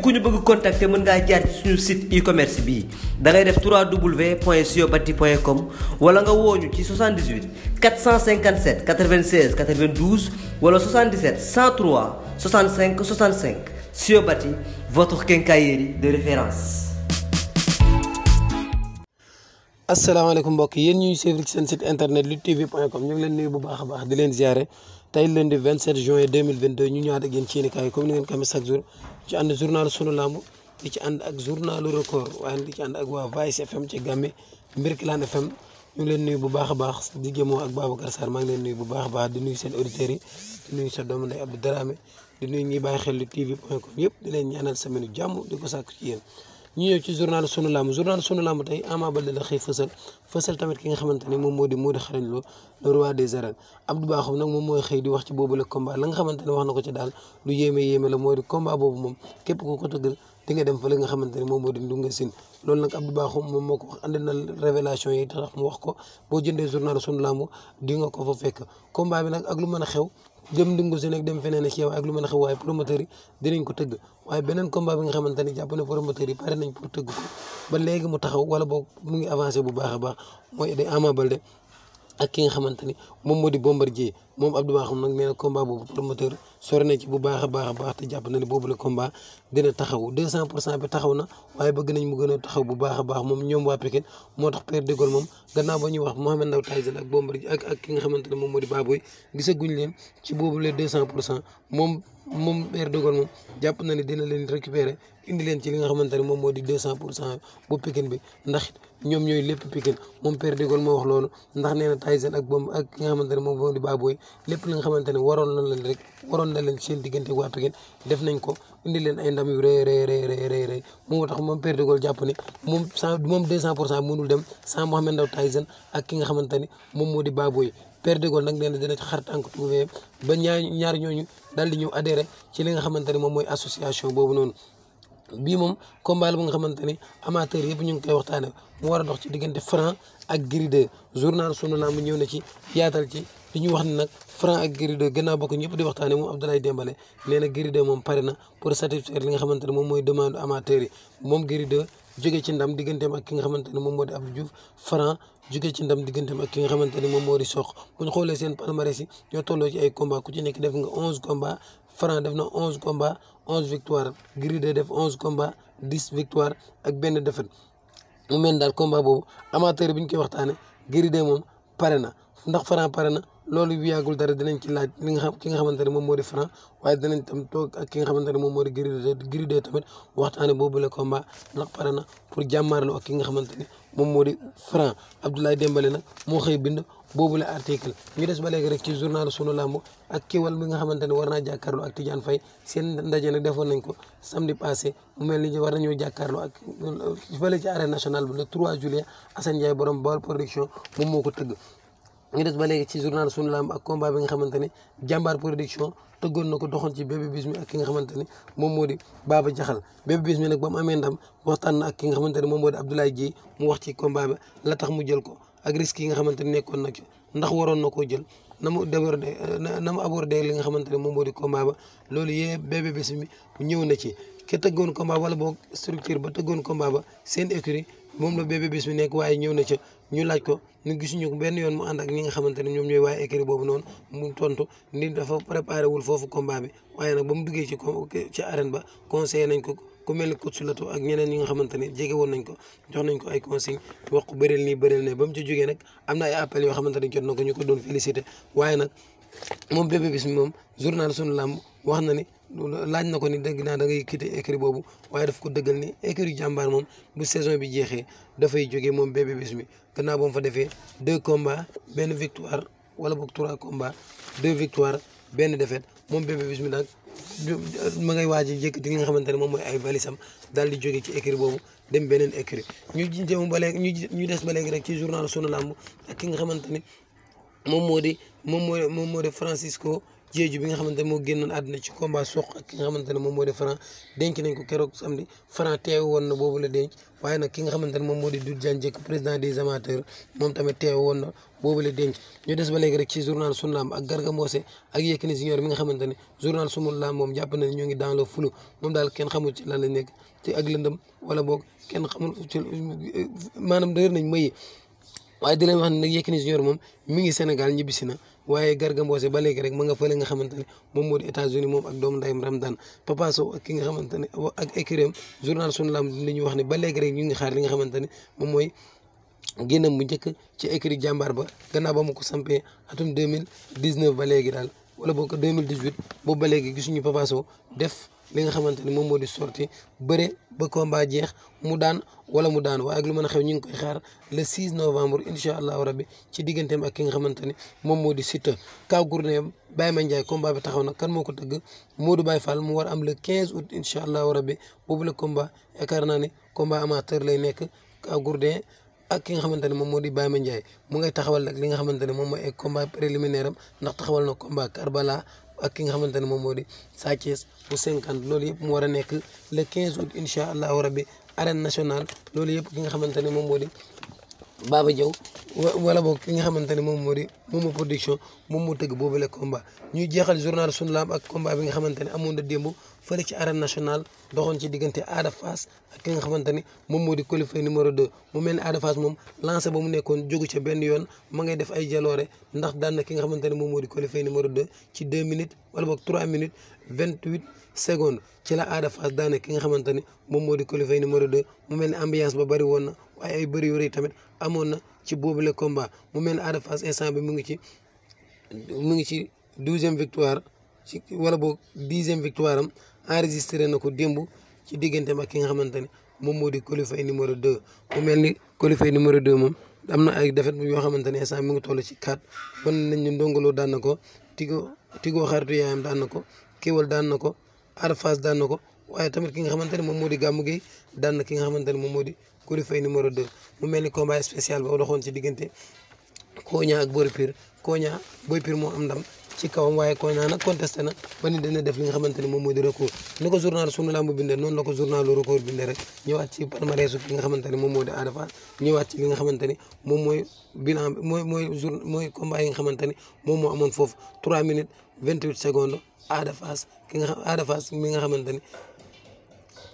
képp ku ñu bëgg contacter mën ngaa jaar ci suñu site e-commerce bii da ngay def 3w point siobati point com wala nga wooñu ci 78 457 96 92 wala 77 103 65 65 siobati votre quincaillerie de référence. asalaamaaleykum mbokk yéen ñuy suivre ci seen site internet luttetv point com ñu ngi leen nuyu bu baax a baax di leen ziare. tey lundi 27 juin 2022 ñu ñëwaat ak yéen ci yéen kaay comme ni ngeen ko amee chaque jour ci ànd journalu sunu làmb di ci ànd ak journalu record waaye di ci ànd ak waa Vice FM ci Gàmbi Mbirkilaan FM ñu ngi leen nuyu bu baax a baax di jëmoo ak Babacar Sarr maa ngi leen nuyu bu baax a baax di nuyu seen auditeurs yi di nuyu sa doomu ndey Abdou Dramé di nuyu ñuy xel lu TV point com yëpp di leen ñaanal semaine jàmm di ko sàkk ci yéen. ñu ñëw ci journal sunu làmb journal sunu làmb tey Ama Baldé la xëy fësal fësal tamit ki nga xamante ni moom moo di Modou Xarañ Lo le roi des mooy xëy di wax ci boobu la combat la nga xamante ne wax na ko ci daal lu yéeme yéeme moo di combat boobu moom képp ku ko tëggal di nga dem fa nga xamante ne moom moo di Ndunga Sine loolu nag Abdou Bakhoum moom moo ko wax andi na révélation yi tax mu wax ko boo jëndee journal sunu làmb di nga ko fa fekk combat bi nag ak lu mën a xew jëm dingu si nekk dem feneen si yow ak lu mën a xew waaye promoteur yi dinañ ko tëgg waaye beneen combat bi nga xamante ne jàpp na promoteur yi pare nañ pour tëgg ko ba léegi mu taxaw wala boog mu ngi avancé bu baax a baax mooy de Ama Baldé ak ki nga xamante ni moom moo di Bombardier moom Abdou Bakhoum nag nee na combat boobu promoteur sori na baax a baax te jàpp na ne boobu la combat dina taxaw 200 pour cent bi taxaw na waaye bëgg nañ mu gën a taxaw bu baax a baax moom ñoom waa Pikine moo tax Père de Gaulle moom gannaaw ba ñuy wax Mohamed Ndao Tyson ak Bombardier ne moom moo di Baboy gisaguñ leen ci boobu la 200 moom moom Père de jàpp na ne dina leen récupérer indi leen ci li nga xamante ne moom moo di 200 pour cent bu Pikine bi ndax ñoom ñooy lépp Pikine moom Père de Gaulle moo wax loolu ndax nee na Tyson ak Bomb ak ki nga xamante ne moom di Baboy lépp li nga xamante ne waroon na leen rek waroon na leen seen diggante waa Pikine def nañ ko indi leen ay ndam yu rëy rëy rëy rëy moo tax moom Père de Gaulle jàpp ne moom cent moom deux cent pour cent mënul dem sans Mohamed Ndao Tyson ak ki nga xamante ne moom moo di Baboye Père de Gaulle nag nee na dina ci xar tànk tuubee ba ñaar ñaar ñooñu daal di ñëw adhéré ci li nga xamante ne moom mooy association boobu noonu bii moom combat la bu nga xamante ne amateur yëpp ñu ngi koy waxtaane mu war a dox ci diggante Franc ak Gris 2 journal sunu lamb ñëw na ci yaatal ci li ñu wax ne nag Franc ak Gris 2 bokk ñëpp di waxtaane moom Abdoulaye Dembélé nee na Gris moom pare na pour satisfaire li nga xamante ne moom mooy demande amateur yi moom Gris 2 jóge ci ndam digganteem ak ki nga xamante ne moom moo di Abdou Diouf Franc jóge ci ndam digganteem ak ki nga xamante ne moom moo di Sokh bu ñu xoolee seen palmarès yi ñoo tolloo ci ay combat ku ci nekk def nga onze combat Franc def na onze combat onze victoire Gris 2 def onze combat dix victoire ak benn défaite mu mel daal combat boobu amateur bi ñu koy waxtaane Gris 2 moom pare na ndax Franc pare na loolu bu yàggul dara dinañ ci laaj li nga xam ki nga xamante ne moom moo di Franc waaye dinañ tam toog ak ki nga xamante ne moom moo di Gris 2 tamit waxtaane boobule combat ndax pare na pour jàmmaarloo ak ki nga xamante ne moom moo di Franc Abdoulaye Dembélé nag moo xëy bind boobule article ñu des ba léegi rek ci journal sunu làmb ak kiwal mi nga xamante ne war naa jàkkaarloo ak Tidiane fay seen ndaje nag defoon nañ ko samedi passé mu mel ni war nañoo jàkkaarloo ak fële ci arène nationale bi le 3 juillet Assane Ndiaye borom Baol production moom moo ko tëgg ñu def ba léegi ci journal sunu lamb ak combat bi nga xamante ne jàmbaar production tëggoon na ko doxoon ci bébé bis ak ki nga xamante ne moom moo di Baba Jaxal bébé bis mi nag ba mu amee ndam na ak ne moom moo di Abdoulaye Dieye mu wax ci combat bi la tax mu jël ko ak yi nga xamante ne nekkoon na ndax waroon na koo jël na mu déborder na mu aborder li nga xamante ne moom moo di combat ba loolu yëpp bébé bis ñëw na ci ke tëggoon combat wala boog structure ba tëggoon combat ba seen écurie moom la bébé bis mi nekk waaye ñëw na ca ñu laaj ko ñu gisuñu benn yoon mu ànd ak ñi nga xamante ne ñoom ñooy waaye écrit boobu noonu mu tontu ni dafa préparé wul foofu combat bi waaye nag ba mu duggee ci ci arène ba conseillé nañ ko ku mel ni coach Lato ak ñeneen ñi nga xamante ne jege woon nañ ko jox nañ ko ay consigne wax ko bëreel nii bëreel ne ba mu ci jógee nag am na ay appels yoo xamante ne jot na ko ñu ko doon félicité waaye nag moom bébé bis mi moom journal sunu làmb wax na ni loolu laaj na ko ni dégg naa da ngay quitté boobu waaye daf ko dëggal ni écurie jàmbaar moom bu saison bi jeexee dafay joge moom Bébé Bismi gannaaw ba mu fa defee deux combats benn victoire wala boog trois combats deux victoire benn défaite moom Bébé Bismi nag ma ngay waaj a yëkkati li nga xamante ne moom mooy ay valisam daal di joge ci écurie boobu dem beneen écurie ñu jéem ba léegi ñu des ba léegi rek ci journal sunu làmb ak ki nga xamante ni moom moo di moom moo moom moo di Francisco Jeeju bi nga xamante ne moo génnoon àdduna ci combat soq ak ki ne moom moo di Franc denc nañ ko keroog samedi Franc teew woon na boobu la denc waaye nag ki nga xamante ne moom moo di Doudou Diagne Diécko président des amateurs moom tamit teew woon na boobu la denc ñu des ba léegi rek ci journal sunu lamb ak Garga Mbossé ak Yékini Junior mi nga xamante ne journal sunu lamb moom jàpp na ne ñoo ngi dans le flou moom daal kenn xamul ci lan la nekk ci ak lëndëm wala boog kenn xamul ci maanaam dëgër nañ mayi waaye di leen wax ne nag Yékini Junior moom mi ngi Sénégal ñibbisi na waaye Garga ba léegi rek ma nga fële nga xamante ne moom moo di États-Unis moom ak doomu ndayam Ramdan Papa Sow ak ki nga xamante ne ak écurie journal Sunu li ñuy wax ne ba léegi ñu ngi xaar li nga xamante ne moom mooy génnam mu njëkk ci écurie jàmbaar ba gannaaw ba mu ko sampee atum 2019 ba léegi daal wala boo ko 2018 boobu ba léegi gisuñu Papa def li nga xamante ni moom moo di sorti bëre ba combat jeex mu daan wala mu daan waaye ak lu mën a xew ñu ngi koy xaar le 6 novembre incha allahu rabbi ci digganteem ak ki nga xamante ni moom moo di Siteu kaw gurneem Baye Mandiaye combat bi taxaw na kan moo ko tëgg Modou Baye Fall mu war am le 15 août incha allahu rabbi boobu la combat yaakaar naa ne combat lay nekk kaw ak ki nga xamante ne moom moo di Baye Mandiaye mu ngay taxawal nag li nga xamante ne moom mooy ay combat préliminaire am ndax taxawal na combat Karbala ak ki nga xamante ne moom moo di Sa Thiès bu cinquante loolu yëpp mu war a nekk le quinze août incha allahu rabbi arène nationale loolu yëpp ki nga xamante ne moom moo di Baba Diaw wala boog ki nga xamante ne moom moo di moom production moom moo tëgg boobule combat ñuy jeexal journal sunu lamb ak combat bi nga xamante ne amoon na démb fële ci arène national doxoon ci diggante Ada Fass ak ki nga xamante ne moom moo di qualifié numéro 2 mu mel ne Ada moom lancé ba mu nekkoon jógu ca benn yoon ma ngay def ay jaloore ndax daan ki nga xamante ne moom moo di qualifié numéro 2 ci 2 minutes wala boog 3 minutes 28 secondes ci la Ada Fass daan na ki nga xamante ne moom moo di qualifié numéro 2 mu mel ne ambiance ba bari woon na ay bëri yu rëy tamit. amoon na ci boobule combat mu mel ni Ada Fass instant bi mu ngi ci mu ngi ci douzième victoire ci wala boog dixième victoire am enregistré na ko démb ci diggante ma ki nga xamante ne moom moo di qualifié numéro 2 mu mel ni qualifié numéro 2 moom am na ay défaite yoo xamante ne instant mi ngi toll ci 4 wan nañ ñu ndongoloo daan na ko tigo tigo xaritu yaayam daan na ko kéwal daan na ko Ada Fass daana na ko waaye tamit ki nga xamante ne moom moo di gàmmu gi daan na ki nga xamante ne moom moo di Coly Faye numéro 2 mu mel ni combat spécial boobu doxoon ci diggante Koña ak Boy Pire Koña Boy Pire moo am ndam ci kawam waaye Koña nag contesté ba ni def ni nga xamante moom moo di Ada Fass ñëwaat ci nga xamante moom mooy bilan mooy mooy nga xamante moom moo amoon foofu 3 minutes 28 secondes Ada Ada Fass mi nga xamante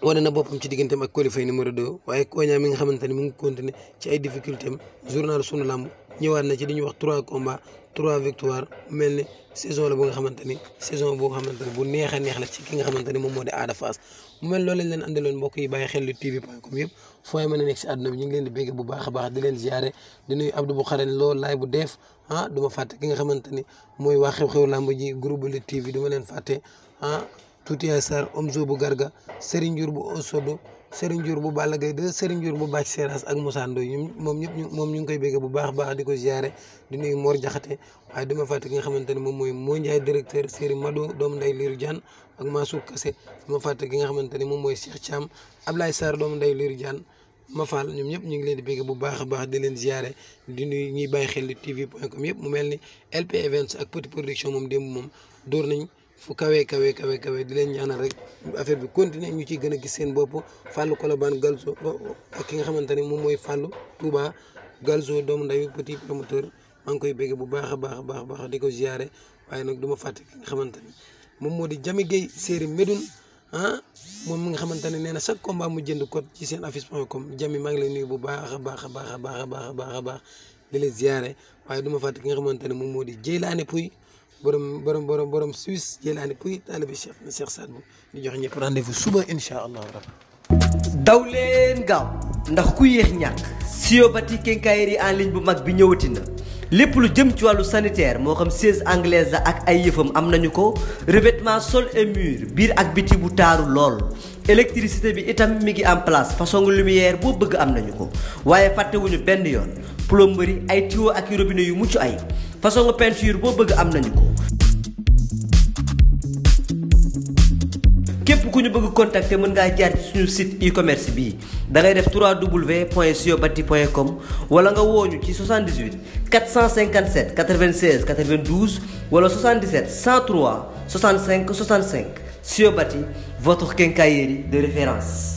wane na boppam ci digganteem ak Coly Faye numéro waaye Koña mi nga xamante mu ngi continuer ci ay difficulté journal sunu làmb ñëwaat na ci li ñuy wax trois combats trois victoires mel ni saison la bu nga xamante ni saison boo xamante ni bu neex a neex la ci ki nga xamante ni moom moo di Ada Fass mu mel loolu lañ leen andiloon mbokk yi bàyyi a nekk si ni ah, mooy waa xew-xew làmb ji groupe Lutte TV du leen fàtte ah Toutien Sarr Omzo bu Garga Serigne Ndiour bu Osodo Serigne Ndiour bu Balla Gaye 2 Serigne Ndiour bu Bathie Seras ak Moussa Ndoye ñun moom ñëpp ñu ñu ngi koy bégge bu baax baax di ko ziare di nuyu Mor Jaxate waaye dama fàtte ki nga xamante ne moom mooy moo Ndiaye directeur Serigne Mado doomu nday Liru Diane ak Mansour Kassé dama fàtte ki nga xamante ne moom mooy Cheikh Thiam Ablaye Sarr doomu nday Liru Diane ma faal ñoom ñëpp ñu ngi leen di bégg bu baax a baax di leen ziare di nuyu ñuy bàyyi xel tv point com yëpp mu mel ni LP Events ak Petit Production moom dem moom dóor nañ fu kawe kawe kawe kawe di leen ñaanal rek affaire bi continuer ñu ciy gën a gis seen bopp Fallou Colobane Galzo ak ki nga xamante ne moom mooy Fallou Touba Galzo doomu ndayu petit promoteur maa ngi koy bégg bu baax a baax a baax di ko ziare waaye nag du ma fàtte ki moom moo di Jami Gueye séeri Médoune ah moom mi nga xamante ne nee na chaque combat mu jënd code ci seen affiche point com Jami maa ngi lay bu baax baax a baax a baax a baax a baax di leen ziare waaye du ma fàtte ki nga xamante ne moom moo di Jeylaane Pouy borom borom borom borom Suisse Jëlaani Pouy taalibe Cheikh na Cheikh Saad Bou ñu jox ñëpp rendez-vous suba incha allahu daw leen gaaw ndax ku yéex ñàkk siyobati kenkaayeri en ligne bu mag bi ñëwati na lépp lu jëm ci wàllu sanitaire moo xam siège anglaise la ak ay yëfam am nañu ko revêtement sol et mur biir ak biti bu taaru lool électricité bi itam mi ngi en place façon lumière boo bëgg am nañu ko waaye fàttewuñu benn yoon plomberie ay tuyaux ak robinet yu mucc ay façon peinture boo bëgg am nañu ko. képp ku ñu bëgg contacter mën ngaa jaar ci suñu site e-commerce bi da ngay def 3w point siobati point com wala nga wooñu ci 78 457 96 92 wala 77 103 65 65 siobati votre quincaillerie de référence.